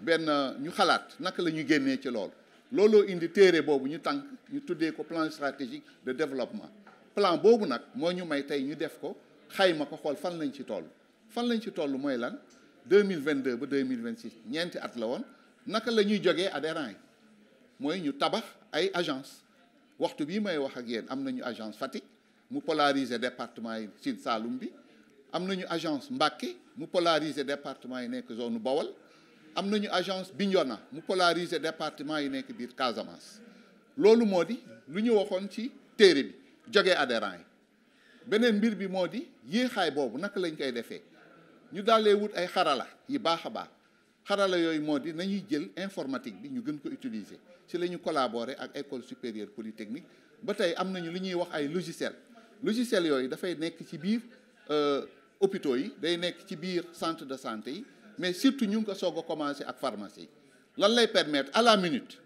benn ñu xalaat naka la ñu génnee ci loolu looloo indi téere boobu ñu tànk ñu tuddee ko plan stratégique de développement plan boobu nag moo ñu may tey ñu def ko xayma ko xool fan lañ ci toll fan lañ ci toll mooy lan deux mille vingt deux ba deux mille vingt six ñeenti at la woon naka la ñuy jógee adhérents yi mooy ñu tabax ay agence waxtu bii may wax ak yéen am nañu agence Fatick mu polariser département yi Sine Saalum bi am na ñu agence Mbacké mu polariser département yi nekk zone Bawol am na nañu agence Bignona mu polariser département yi nekk biir Casamance loolu moo di lu ñu waxoon ci téere bi jógee adhérent yi beneen mbir bi moo di yéexaay boobu naka lañ koy defee ñu daalee wut ay xarala yi baax a baax xarala yooyu moo di nañuy jël informatique bi ñu gën ko utiliser ci la ñu collaborer ak école supérieure polytechnique ba tey am nañu li ñuy wax ay logiciel logiciel yooyu dafay nekk ci biir opito euh, yi day nekk ci biir centre de santé yi mais surtout ñu ngi ko soog a commencé ak pharmacie lan lay permettre à la minute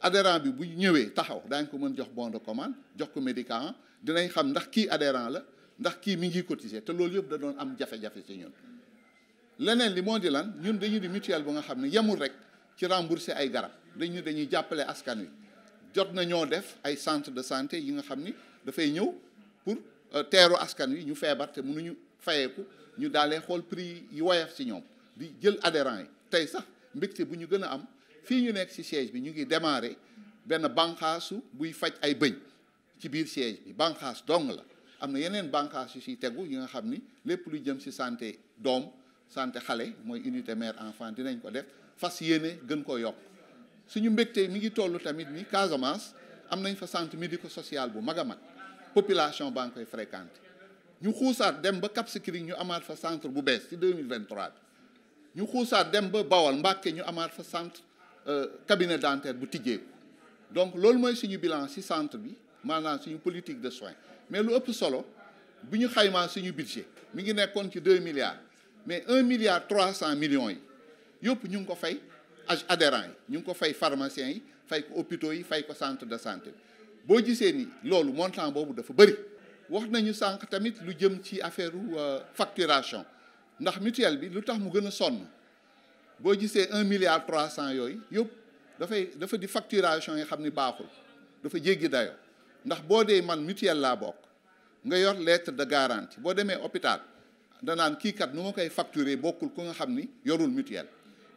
adhérent bi bu ñëwee taxaw daañ ko mën jox bon de commande jox ko médicament dinañ xam ndax kii adhérent la ndax kii mi ngi cotiser te loolu yëpp da doon am jafe-jafe ci ñun leneen li moo di lan ñun dañu di mutuelle bu nga xam ne yemul rek ci rembourser ay garab dañu dañuy jàppale askan wi jot na ñoo def ay centre de santé yi nga xam ni dafay ñëw pour euh, teeru askan wi ñu feebar te mënuñu fayeeku ñu daalee xool prix yi woyof ci ñoom di jël adhérents yi tey sax mbégte bu ñu gën a am fii ñu nekk ci siège bi ñu ngi démarrer benn banqaasu buy faj ay bëñ ci biir siège bi banqaas dong la am na yeneen banqaas yu ciy tegu yi nga xam ni lépp lu jëm si santé doom santé xale mooy unité mère enfant dinañ ko def fas yéene gën ko yokk suñu mbégte mi ngi toll tamit ni Casamance am nañ fa centre médico social bu mag a mag population baa ngi koy fréquenté ñu xuusaat dem ba Cap Skirring ñu amaat fa centre bu bees ci 2023 bi ñu xuusaat dem ba bawal Mbàkke ñu amaat fa centre euh, cabinet dentaire bu tijjeeku donc loolu mooy suñu bilan ci centre bi maanaam suñu politique de soin mais lu ëpp solo bu ñu xaymaa suñu budget mi ngi nekkoon ci 2 milliards mais un 1 trois 300 millions yi yëpp ñu ngi ko fay adhérents yi ñu ngi ko fay pharmaciens yi fay ko hôpitaux yi fay ko centre de santé boo gisee ni loolu montant boobu dafa bëri wax nañu sànq tamit lu jëm ci affaire euh, facturation ndax mutuelle bi lu tax mu gën a sonn boo gisee un milliard trois cent yooyu yëpp dafay dafa di facturation yi xam ni baaxul dafa jéggi dayo ndax boo dee man mutuelle laa bokk nga yor lettre de garantie boo demee hôpital danaan kii kat nu ma koy facturer bokkul ku nga xam ni yorul mutuelle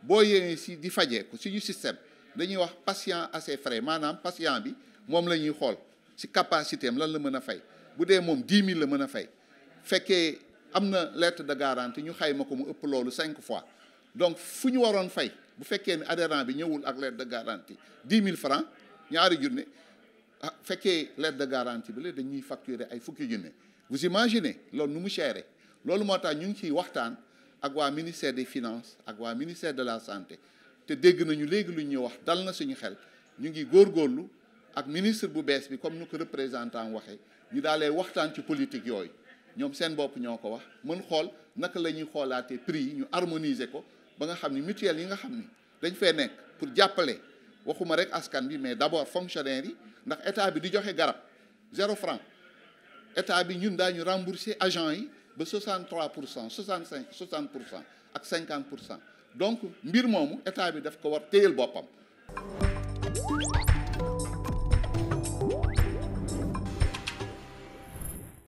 boo yéene si di fajeeku suñu système dañuy wax patient à ses frais maanaam patient bi moom la ñuy xool si capacité lan la mën a fay bu dee moom dix mille la mën a fay fekkee am na lettre de garantie ñu xayma ko mu ëpp loolu cinq fois donc fu ñu waroon fay bu fekkee ne adhérent bi ñëwul ak lettre de garantie dix mille francs ñaari junne ah fekkee lettre de garantie bi la dañuy facturer ay fukki junne vous imaginez loolu nu mu chéré loolu moo tax ñu ngi ciy waxtaan ak waa ministère des finance ak waa ministère de la santé te dégg nañu léegi lu ñuy wax dal na suñu xel ñu ngi góorgóorlu ak ministre bu bees bi comme nu ko représentant waxee ñi daalee waxtaan ci politique yooyu ñoom seen bopp ñoo ko wax mën xool naka la ñuy xoolaatee prix yi ñu harmoniser ko ba nga xam ni mutuelle yi nga xam ni dañ fee nekk pour jàppale waxuma rek askan bi mais d'abord fonctionnaire yi ndax état bi di joxe garab zéro franc état bi ñun daañu rembourser agent yi ba 63 pour cent cinq 60 pour cent ak cinquante pour cent donc mbir moomu état bi daf ko war téyel boppam.